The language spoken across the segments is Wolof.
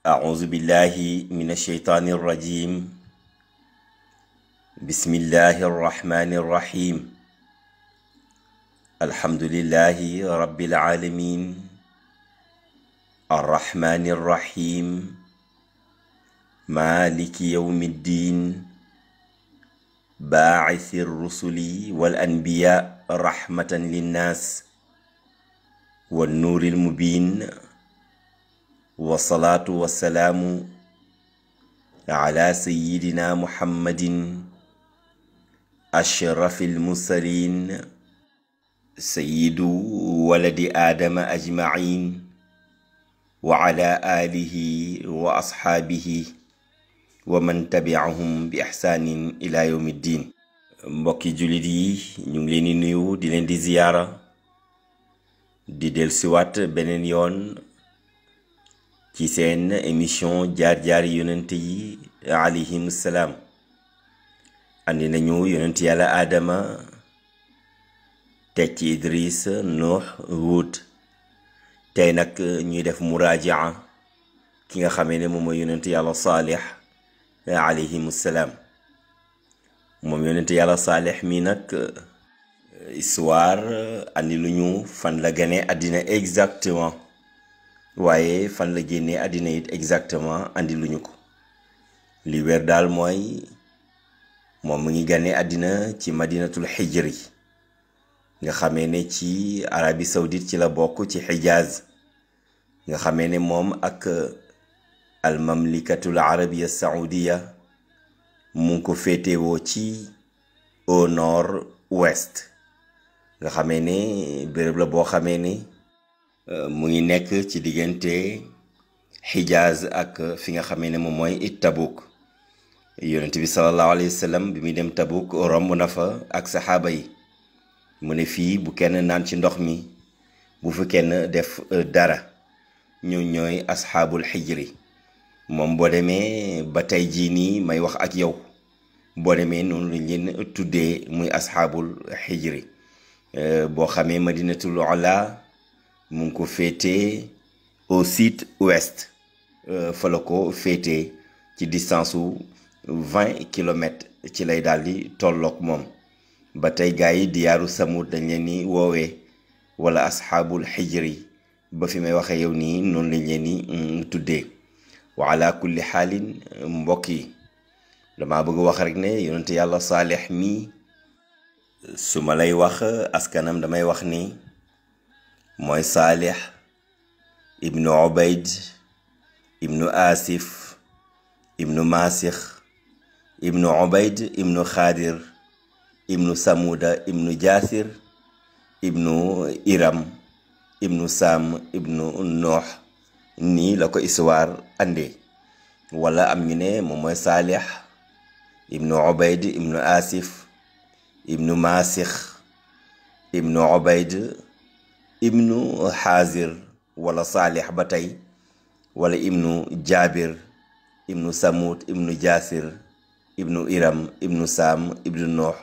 أعوذ بالله من الشيطان الرجيم بسم الله الرحمن الرحيم الحمد لله رب العالمين الرحمن الرحيم مالك يوم الدين باعث الرسل والأنبياء رحمة للناس والنور المبين والصلاة والسلام على سيدنا محمد أشرف المرسلين سيد ولد آدم أجمعين وعلى آله وأصحابه ومن تبعهم بإحسان إلى يوم الدين مبكي جلدي yi ñu ngi leen di nuyu di leen di ci sen émission jaar yonent yi alayhi salaam andi nañu yonent yàlla adama teg ci idris nuh huud tay nak ñuy def muraji'a ki nga xamé ne mom yonent yàlla salih alayhi salaam mom yonent yàlla salih mi nak histoire andi luñu fan la gane adina exactement waaye fan la génnee àddina it exactement andi luñu ko li wér daal mooy moom mu ngi gane àddina ci madinatul xijri nga xame ne ci arabi saoudite ci la bokk ci xijaaz nga xame ne moom ak al mamlikatul arabiya saoudiya mu ngi ko féetewoo ci au nord nga xame ne bërëb la boo xamee ne mu ngi nekk ci diggante xijaaz ak fi nga xamee ne moom mooy it tabuk yonent bi sallallahu bi muy dem tabuk romb na fa ak saxaaba yi mu ne fii bu kenn naan ci ndox mi bu fi kenn def euh, dara ñoo ñooy asxaabul xijri moom boo demee ba tey jii nii may wax ak yow boo demee noonu lañ leen tuddee muy asxaabul xijri euh, boo xamee madinatul ola mu ngi ko féete au sud ouest euh, fa la ko féete ci distance su vingt kilomètres ci lay daal di tolloog moom ba tey gars yi diyaaru samut dañ leen ni woowee wala asxaabul xijri ba fi may waxee yow nii noonu lañ leen ni mm, tuddee wa ala kulli xaalin mbokk yi damaa bëgg wax rek ne yonente yàlla saalix mii su ma lay wax askanam damay wax nii mooy saalix ibnu ubayd ibnu asif ibnu maasix ibnu ubayd ibnu xaadir ibnu samuda ibnu jaasir ibnu iram ibnu saam ibnu noox nii la ko histoire andee wala am ñu ne moom mooy saalix ibnu ubayd ibnu asif ibnu maasix ibnu ubayd ibnu xaazir wala saalix ba tey wala ibnu jaabir ibnu samut ibnu jaasir ibnu iram ibnu saam ibnu noox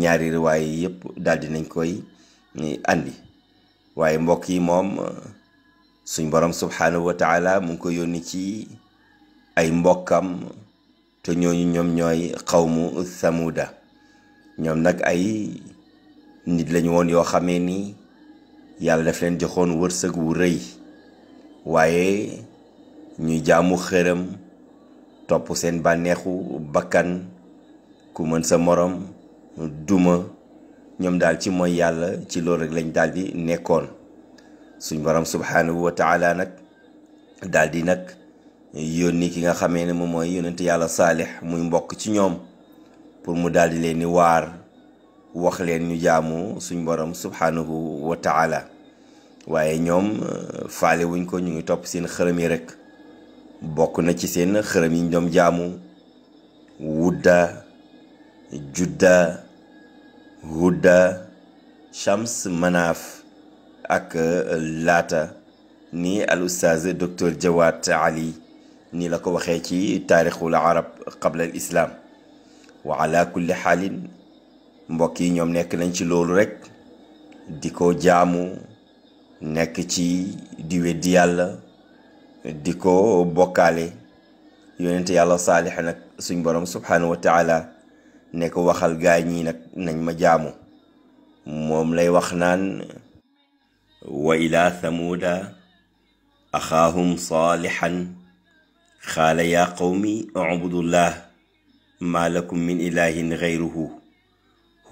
ñaari riwaay yëpp daldi nañ koy eh, andi waaye mbokk yi moom suñ borom subhaanahu wa taala mu ngi ko yónni ci ay mbokkam te ñooñu ñoom ñooy xawmu samuda ñoom nag ay nit lañu woon yoo xamee ni yàlla daf leen joxoon wërsëg wu rëy waaye ñuy jàmmu xërëm topp seen bànneexu bakkan ku mën sa morom duma ñoom daal ci mooy yàlla ci loolu rek lañ daal nekkoon suñ borom subhaanahu wa nag daldi di nag yónni ki nga xamee ne moom mooy yónnent yàlla saalix muy mbokk ci ñoom pour mu daal di leen waar وخلين نجامو سنبرم سبحانه وتعالى وأي نوم فالي وينكو نيو توب سين خرمي رك بوكو نتي سين خرمي نجوم جامو ودا جدا هدا شمس مناف اك لاتا ني الأستاذ دكتور جوات علي ني لكو وخيكي تاريخ العرب قبل الإسلام وعلى كل حال mbokk yi ñoom nekk nañ ci loolu rek di ko jaamu nekk ci di weddi yàlla di ko bokkaale yonent yàlla saalix suñ borom subhanahu wa taala ne ko waxal gaa ñi nag nañ ma jaamu moom lay wax naan wa ila thamuda axaahum saalixan xaala yaa qawmi ubudullah ma lakum min ilahin gayruhu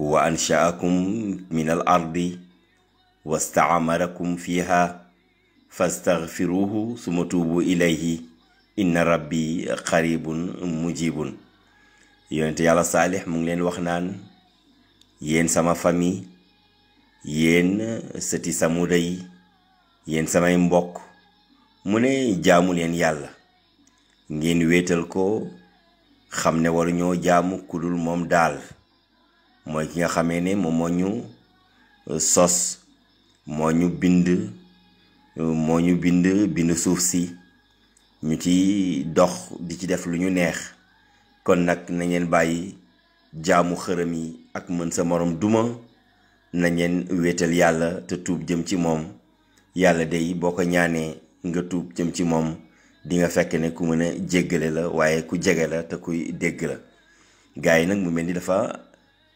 huwa anshaakum min al ardi wastaamarakum fiha fastaghfiruhu suma tuubu ilayhi inna rabbi qaribun mujibun yonente yàlla saalix mu ngi leen wax naan yéen sama famille yéen sëti samuda yi yéen samay mbokk mu ne jaamu leen yàlla ngeen wetal ko xam ne waruñoo jaamu kudul moom daal mooy ki nga xamee ne moom moo ñu euh, sos moo ñu bind euh, moo bind bind suuf si ñu ci dox di ci def lu ñu neex kon nag na bàyyi jaamu xërëm yi ak mën sa morom duma na ngeen wéetal yàlla te tuub jëm ci moom yàlla day boo ko ñaanee nga tuub jëm ci moom di nga fekk ne ku mën a jéggale la waaye ku jege la te kuy dégg la gars yi nag mu mel ni dafa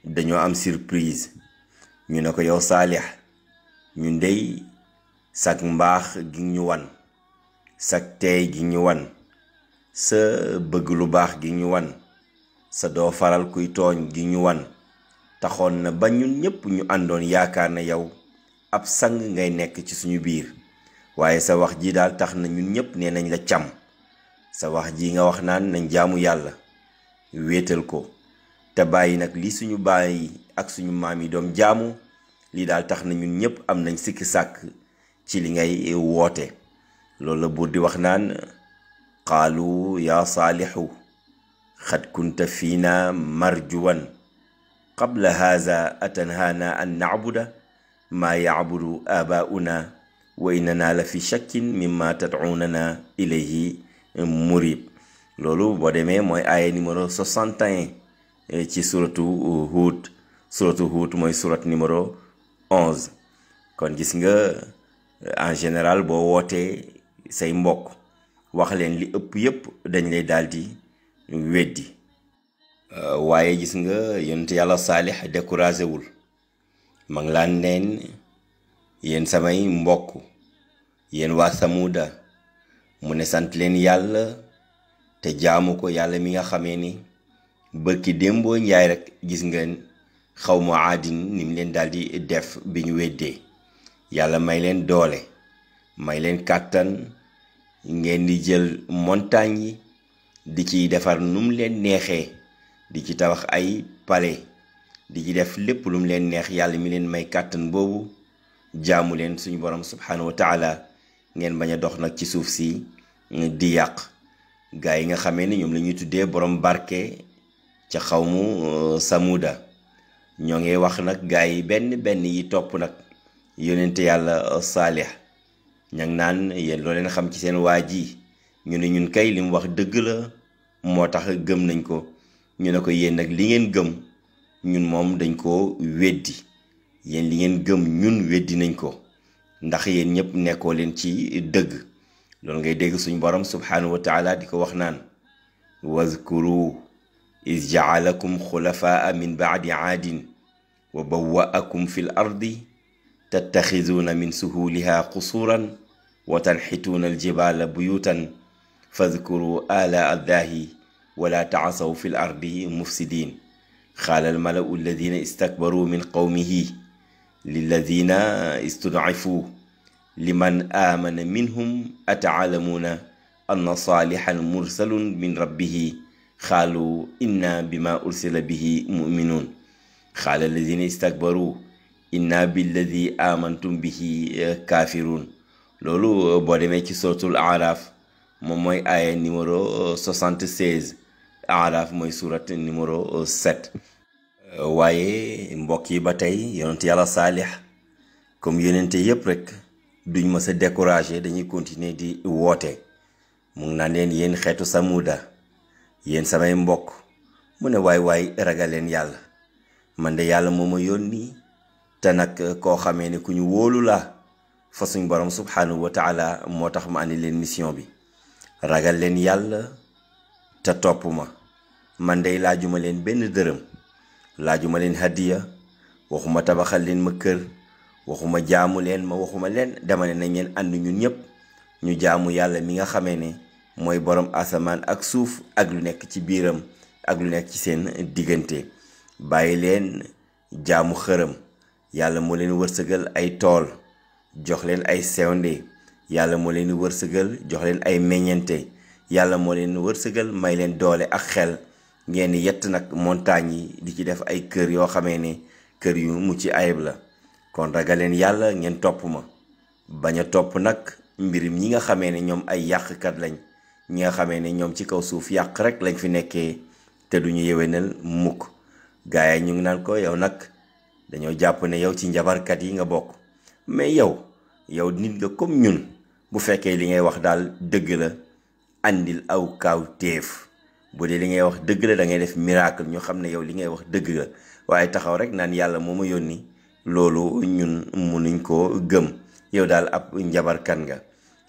dañoo am surprise ñu ne ko yow saalix ñu ndey sag mbaax gi ñu wan sag teey gi ñu wan sa bëgg lu baax gi ñu wan sa doo faral kuy tooñ gi ñu wan taxoon na ba ñun ñépp ñu àndoon yaakaar na yow ab sang ngay nekk ci suñu biir waaye sa wax ji daal tax na ñun ñépp nee nañ la càmm sa wax ji nga wax naan nañ jaamu yàlla wéetal ko te bàyyi nag li suñu bàyyi ak suñu maam yi doom jaamu lii daal tax nañu ñun ñëpp am nañ siki sàkk ci li ngay woote loolu la di wax naan qaalu yaa saalixu xad kunta fiina marjuwan qabla haza atanhaana an nacbuda maa yacbudu aabaauna wa innana la fi shakkin mimma tadcuunana ilayhi murib loolu boo demee mooy aaya numéro 61 Eh, ci suratu Huud uh, suratu Huud mooy surat numéro 11 kon gis nga eh, en général boo wootee say mbokk wax leen li ëpp yëpp dañ lay daal di weddi eh, waaye gis nga yonent yàlla saalix découragé wul ma laan neen yéen samay mbokk yéen waa samuuda mu ne sant leen yàlla te jaamu ko yàlla mi nga xamee ni bërki démboo njaay rek gis ngeen xaw ma àddin ni mu leen daal di def bi ñu weddee yàlla may leen doole may leen kàttan ngeen di jël montagne yi di ci defar nu leen neexee di ci tabax ay pale di ci def lépp lu mu leen neex yàlla mi leen may kàttan boobu jaamu leen suñu borom subhanahu wa ngeen bañ a dox nag ci suuf si di yàq gaa yi nga xamee ni ñoom la ñuy tuddee borom barke ca xawmu euh, samuda ñoo ngi wax nag gaa yi benn benn yi topp nag yonent yàlla euh, saalix ña ngi naan yéen loo leen xam ci seen waa ji ñu ne ñun kay li mu wax dëgg la moo tax gëm nañ ko ñu ne ko yéen ak li ngeen gëm ñun moom dañ koo weddi yéen li ngeen gëm ñun weddi nañ ko ndax yéen ñëpp nekkoo leen ci dëgg loolu ngay dégg suñu boroom subhanahu wa taala di ko wax naan wazkuru إذ جعلكم خلفاء من بعد عاد وبوأكم في الأرض تتخذون من سهولها قصورا وتنحتون الجبال بيوتا فاذكروا آلاء الله ولا تعصوا في الأرض مفسدين قال الملأ الذين استكبروا من قومه للذين استضعفوا لمن آمن منهم أتعلمون أن صالحا مرسل من ربه خالوا إنا بما أرسل به مؤمنون خال الذين استكبروا إنا بالذي آمنتم به كافرون لولو بوديميكي سورة الأعراف موموي آية نمرو 76 أعراف موي سورة نمرو 7 واي مبوكي باتاي يونتي على صالح كم يونتي يبرك duñ ma sa découragé dañuy continuer di woote mu ngi naan leen yéen xeetu samouda yéen samay mbokk mu ne waay waay ragal leen yàlla man de yàlla moo ma yónni te nag eh, koo xamee ne ku ñu wóolu laa fa suñ borom subhanahu wa moo tax ma andi leen mission bi ragal leen yàlla te topp ma man de laajuma leen benn dërëm laajuma leen hadiya waxuma tabaxal leen ma kër waxuma jaamu leen ma waxuma leen dama ne na ngeen ànd ñun ñëpp ñu jaamu yàlla mi nga xamee ne mooy borom asamaan ak suuf ak lu nekk ci biiram ak lu nekk ci seen diggante bàyyi leen jaamu xërëm yàlla moo leen wërsëgal ay tool jox leen ay sewnde yàlla moo leen wërsëgal jox leen ay meññente yàlla moo leen wërsëgal may leen doole ak xel ngeen yett nag montagne yi di ci def ay kër yoo xamee ne kër yu mucc ayib la kon ragaleen yàlla ngeen topp ma bañ a topp nag mbirim ñi nga xamee ne ñoom ay yàqkat lañ ñi nga xamee ne ñoom ci kaw suuf yàq rek lañ fi nekkee te du duñu yéwénal mukk gaay ñu ngi naan ko yow nag dañoo jàpp ne yow ci njabarkat yi nga bokk mais yow yow nit nga comme ñun bu fekkee li ngay wax daal dëgg la andil aw kaaw téef bu dee li ngay wax dëgg la da ngay def miracle ñu xam ne yow li ngay wax dëgg la waaye taxaw rek naan yàlla moo ma yónni loolu ñun munuñ koo gëm yow daal ab njabarkat nga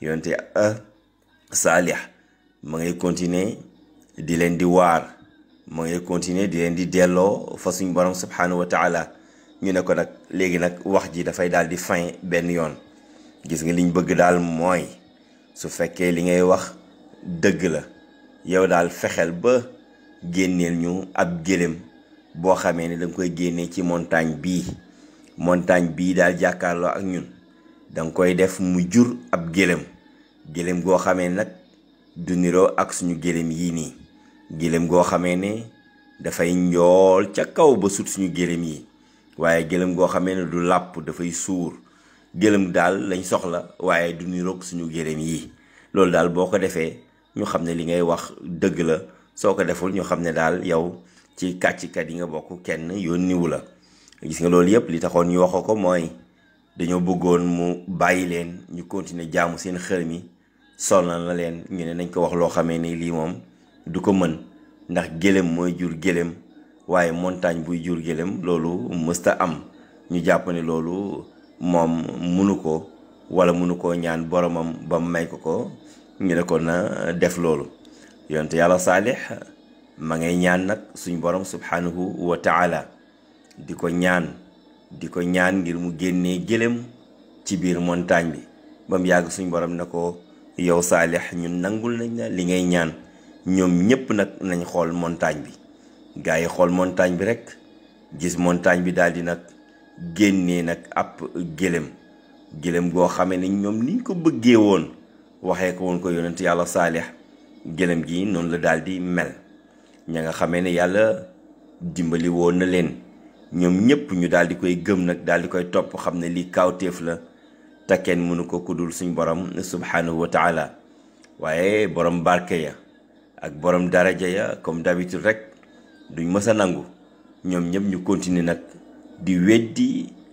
yonte ah saalih ma ngay continuer di len di war ma ngay continuer di len di delloo fa suñu borom subhanahu wa taala ñu ne ko nak legi nak wax ji fay dal di fin ben yoon gis nga liñ bëgg dal moy su fekke li ngay wax deug la yow dal fexel ba gennel ñu ab gélem bo xamé ni dang koy genné ci montagne bi montagne bi dal jakarlo ak ñun dang koy def mu jur ab gélem gélem go xamé nak du niroo ak suñu gëléem yii nii gëléem goo xamee ne dafay njool ca kaw ba sut suñu gëléem yi waaye gëléem goo xamee ne du làpp dafay suur gëléem daal lañ soxla waaye du niroog suñu gërëm yi loolu daal boo ko defee ñu xam ne li ngay wax dëgg la soo ko deful ñu xam ne daal yow ci kàccikat yi nga bokk kenn yónniwu la gis nga loolu yëpp li taxoon ñu wax ko mooy dañoo bëggoon mu bàyyi leen ñu continuer jaamu seen xër mi solna la leen ñu ne nañ ko wax lo xamé ni lii mom du ko mën ndax gélem moy jur gélem waye montagne bu jur gélem lolu musta am ñu japp ni lolu mom mënu ko wala mënu ko ñaan boromam ba may ko ko ñu ne ko na def lolu yonte yalla salih ma ngay ñaan nak suñu borom subhanahu wa taala di ko ñaan di ko ñaan ngir mu genné gélem ci bir montagne bi bam yag suñu borom nako yow saalix ñun nangul nañ li ngay ñaan ñoom ñépp nag nañ xool montagne bi gars yi xool montagne bi rek gis montagne bi daal di nag génnee nag ab gëlëm gëlëm goo xamee ne ñoom niñ ko bëggee woon waxee ko woon ko yonent yàlla saalix gëlëm gi noonu la daal di mel ña nga xame ne yàlla dimbali woon na leen ñoom ñépp ñu daal di koy gëm nag daal di koy topp xam ne lii kawteef la te kenn mënu ko kuddul suñ borom subhanahu wa taala waaye borom barke ya ak borom daraja ya comme d'habitude rek duñ mës a nangu ñoom ñëpp ñu continuer nag di weddi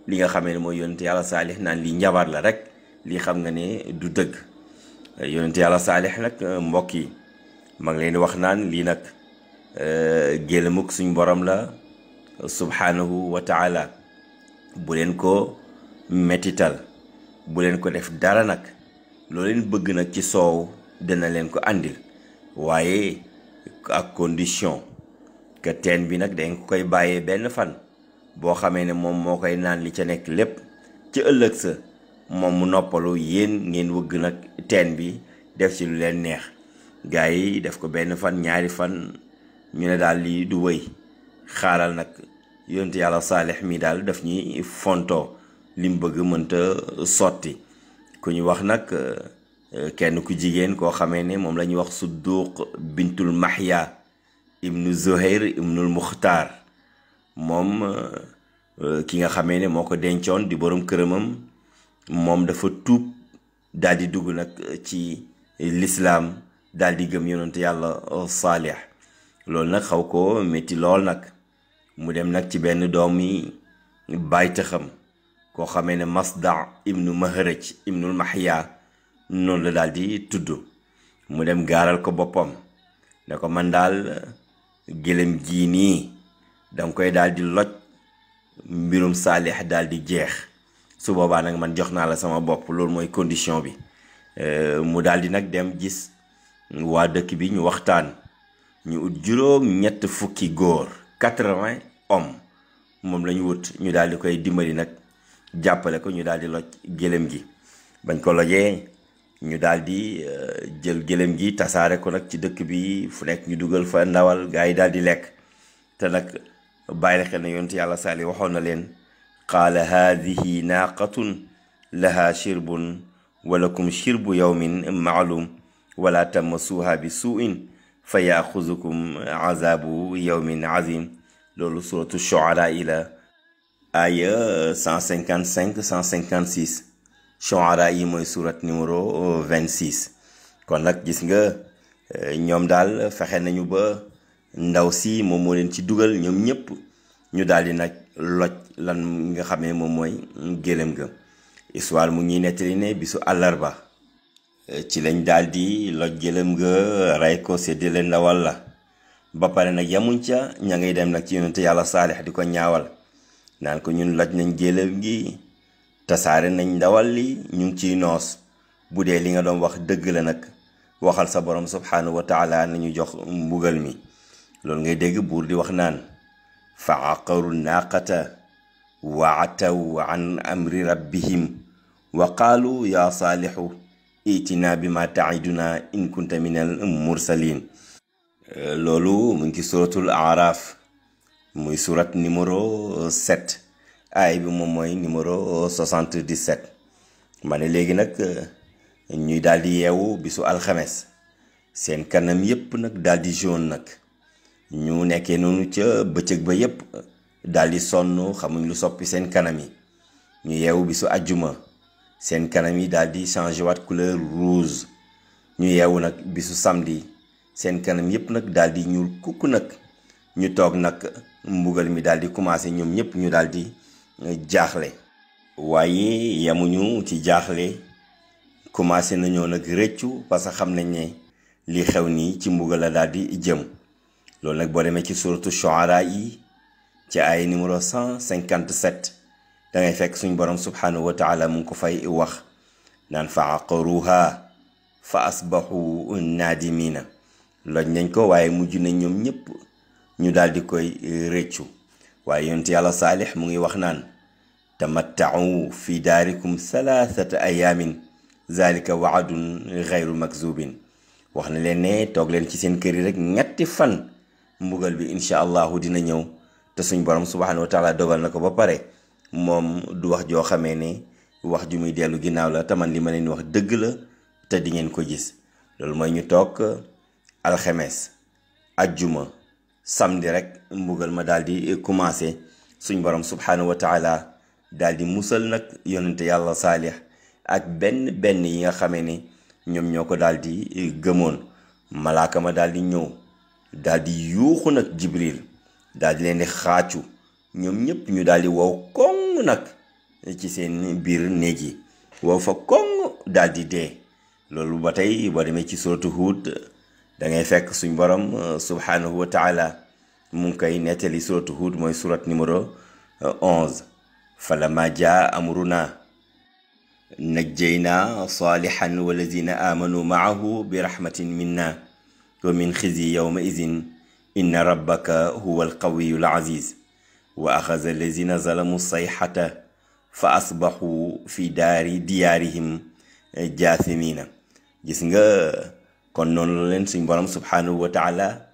li nga xamee ne mooy yonente yàlla saalix naan lii njabar la rek lii xam nga ne du dëgg yonente yàlla saalix nag mbokk yi ma ngi leen wax naan lii nag euh, gélamuk suñ borom la subhanahu wa taala bu leen ko metital bu leen ko def dara nag loo leen bëgg nag ci soow dina leen ko àndil waaye ak condition que teen bi nag dañ koy bàyyee benn fan boo xamee ne moom moo koy naan li ca nekk lépp ci ëllëg sa moom mu noppalu yéen ngeen wëgg nag teen bi def ci lu leen neex gars yi def ko benn fan ñaari fan ñu ne daal lii du wëy xaaral nag yonent yàlla saalix mi daal daf ñuy fontoo lim bëgg mënta sotti ku ñu wax nak kenn ku jigen ko xamé ne mom la wax suduq bintul Mahya ibn Zuhair ibn al Mukhtar mom ki nga xamé ne moko dencion di borom kërëmam mom dafa tup daal di dugg nak ci l'islam daal di gëm yonent yàlla salih loolu nak xaw ko métti lool nak mu dem nak ci benn doomi xam ko xamee masda ibnu mahraj ibnu mahya non la daldi tuddu mu dem garal ko bopam ne ko man dal gelem gi ni dang koy daldi loj mbirum salih daldi jeex su boba nak man joxna la sama bop lool moy condition bi euh, mu daldi nak dem gis wa dekk bi ñu waxtaan ñu ut juróom ñett fukki góor 80 hommes mom lañu wut ñu daldi koy dimbali nak jàppale ko ñu daal di loj gëlëm gi bañ ko lojee ñu daldi di euh, jël gëlëm gi tasaare ko nag ci dëkk bi fu nekk ñu dugal fa ndawal gaa yi daal di lekk te nag bàyyi xel ne yonent yàlla saali waxoon na leen qaala haadihi naaqatun laha shirbun walakum shirbu yawmin maalum wala tamassuha bi suu fa yaaxuzukum azabu yawmin azim loolu suratu shuara yi aya 155 156 Shuara yi mooy surat numéro 26 euh, kon nag gis nga euh, ñoom daal fexe nañu ba ndaw si moom moo leen ci dugal ñoom ñëpp ñu daal di nag loj lan nga xamee moom mooy gélém ga histoire mu ñuy nettali ne bisu ba euh, ci lañ daal di loj gélém ga rey ko séddale ndawal la ba pare nag yamuñ ca ña ngay dem nag ci yonente yàlla saalix di ko ñaawal naan ko ñun laj nañ jéelam gi tasaare nañ ndawal li ñu ngi ciy noos bu dee li nga doon wax dëgg la nag waxal sa borom subhanahu wa taala nañu jox mbugal mi loolu ngay dégg buur di wax naan fa aqaru naaqata wa ataw an amri rabbihim wa qaalu yaa saalixu itina bi ma taiduna in kunta min al mursalin loolu mu ngi ci suratul araf muy surat numéro 7 euh, aay bi moom mooy numéro 77 euh, ma ne léegi nag euh, ñuy daal di yeewu bisu alxames seen kanam yépp nag daal di jaune nag ñu nekkee noonu ca bëccëg ba yépp daal di sonn xamuñ lu soppi seen kanam yi ñu yeewu bisu ajjuma seen kanam yi daal di changé waat couleur rouge ñu yeewu nag bisu samedi seen kanam yépp nag daal di ñuul kukk nag ñu toog nag mbugal mi daal di commencé ñoom ñëpp ñu daal di euh, jaaxle waaye yamuñu ci jaaxle commencé nañoo nag rëccu parce que xam nañ ne li xew nii ci mbugal la daal di jëm loolu nag boo demee ci suratu Shuara yi ci ay numéro 157 da ngay fekk suñ borom subhanahu wa taala mu ngi ko fay wax naan fa aqaruha fa asbahu naadimina loj nañ ko waaye mujj nañ ñoom ñëpp ñu dal di koy rëccu waye yent yàlla salih mu ngi wax naan tamattau fi darikum salaasata ayamin zalika wa'dun ghayru makzubin wax na leen ne tok len ci seen keri rek ñetti fan mbugal bi insha allah dina ñëw te suñu borom subhanahu wa taala dogal nako ba pare mom du wax jo xamé ne wax ju muy delu ginaaw la taman li ma wax deug la te di ngeen ko gis loolu moy ñu tok toog alxemes ajjuma samedi rek mbugal ma daal di commencé suñ borom subhaanahu wa taala daal di musal nag yonente yàlla saalix ak benn benn yi nga xame ni ñoom ñoo ko daal di gëmoon malaaka ma daal di ñëw daal di yuuxu nag jibril daldi leen di xaacu ñoom ñëpp ñu daal di wow koŋ nag ci seen biir néeg yi wow fa koŋ daal dee loolu ba tey ba demee ci suratu Huud da ngay fekk suñ borom subhanahu wa taala mu ngi netali suratu Hud moy surat numéro 11 falamma jaa amruna najjaynaa saalihan walazina amanu maahu bi rahmatin minna wa min khizi yawma idhin inna rabbaka huwa alqawiyu aziz wa akhadha alazina zalamu sayhata fa asbahu fi dari diyarihim jaathimina gis nga kon noonu la leen suñ borom subhaanahu wa taala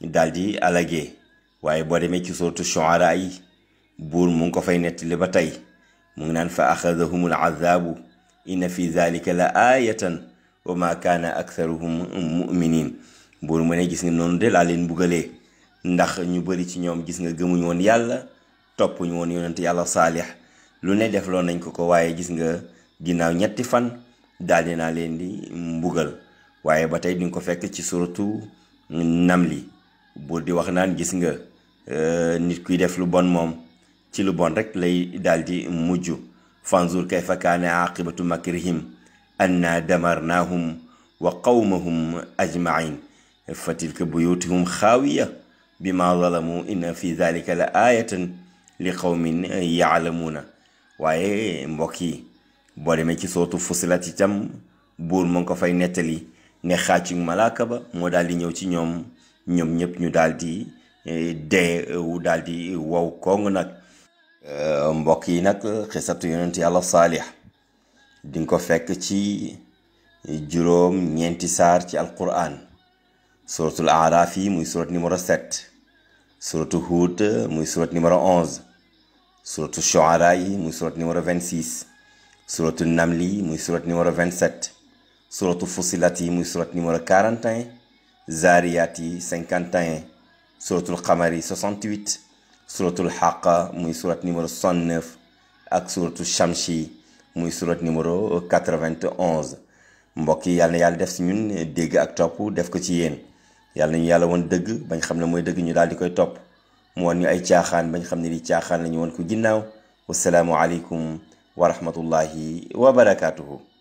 daal di alagee waaye boo demee ci sootu shuara yi buur mu ngi ko fay nettali ba tey mu ngi naan fa axadahum alazaabu inna fi zalika la aayatan wa ma kaana gis nga noonu de leen mbugalee ndax ñu bëri ci ñoom gis nga gëmuñu woon yàlla toppuñu woon yonent yàlla saalix lu ne def loon nañ ko ko waaye gis nga ginnaaw ñetti fan daal naa leen di mbugal waaye ba tey di nga ko fekk ci suratu namli buur di wax naan gis nga euh, nit kuy def lu bon moom ci lu bon rek lay daal di mujj fanzur kayfa kaana aqibatu makrihim anna damarnaahum wa qawmahum ajmain fa tilka buyutuhum xaawiya bima zalamu inna fi dalika la aayatan li qawmin yaalamuuna waaye mbokk yi boo demee ci sootu fusilat itam buur mu ngi ko fay nettali nga xaacu malaaka ba moo daal di ñëw ci ñoom ñoom ñëpp ñu daal di eh, dee eh, daal di eh, wow koŋ nag mbokk yi nag xisatu yonent yàlla saalix di nga ko fekk ci juróom ñeenti saar ci alquran suratul araf yi muy surat numéro 7 suratu huut muy surat numéro 11 suratu shuara yi muy surat numéro 26 suratu namli muy surat vingt 27 suratu fusilat yi muy surat numéro 41 zariyat yi 51 suratul xamar yi 68 suratul xaqa muy surat numéro 69 ak suratu chamshi yi muy surat numéro 91 mbokk yi yàlla na yàlla def si ñun dégg ak topp def ko ci yéen yàlla nañu yàlla woon dëgg bañ xam ne mooy dëgg ñu daal di koy topp mu wan ñu ay caaxaan bañ xam ne li caaxaan la ñu woon ko ginnaaw wasalaamu aleykum wa rahmatullahi wa barakaatuhu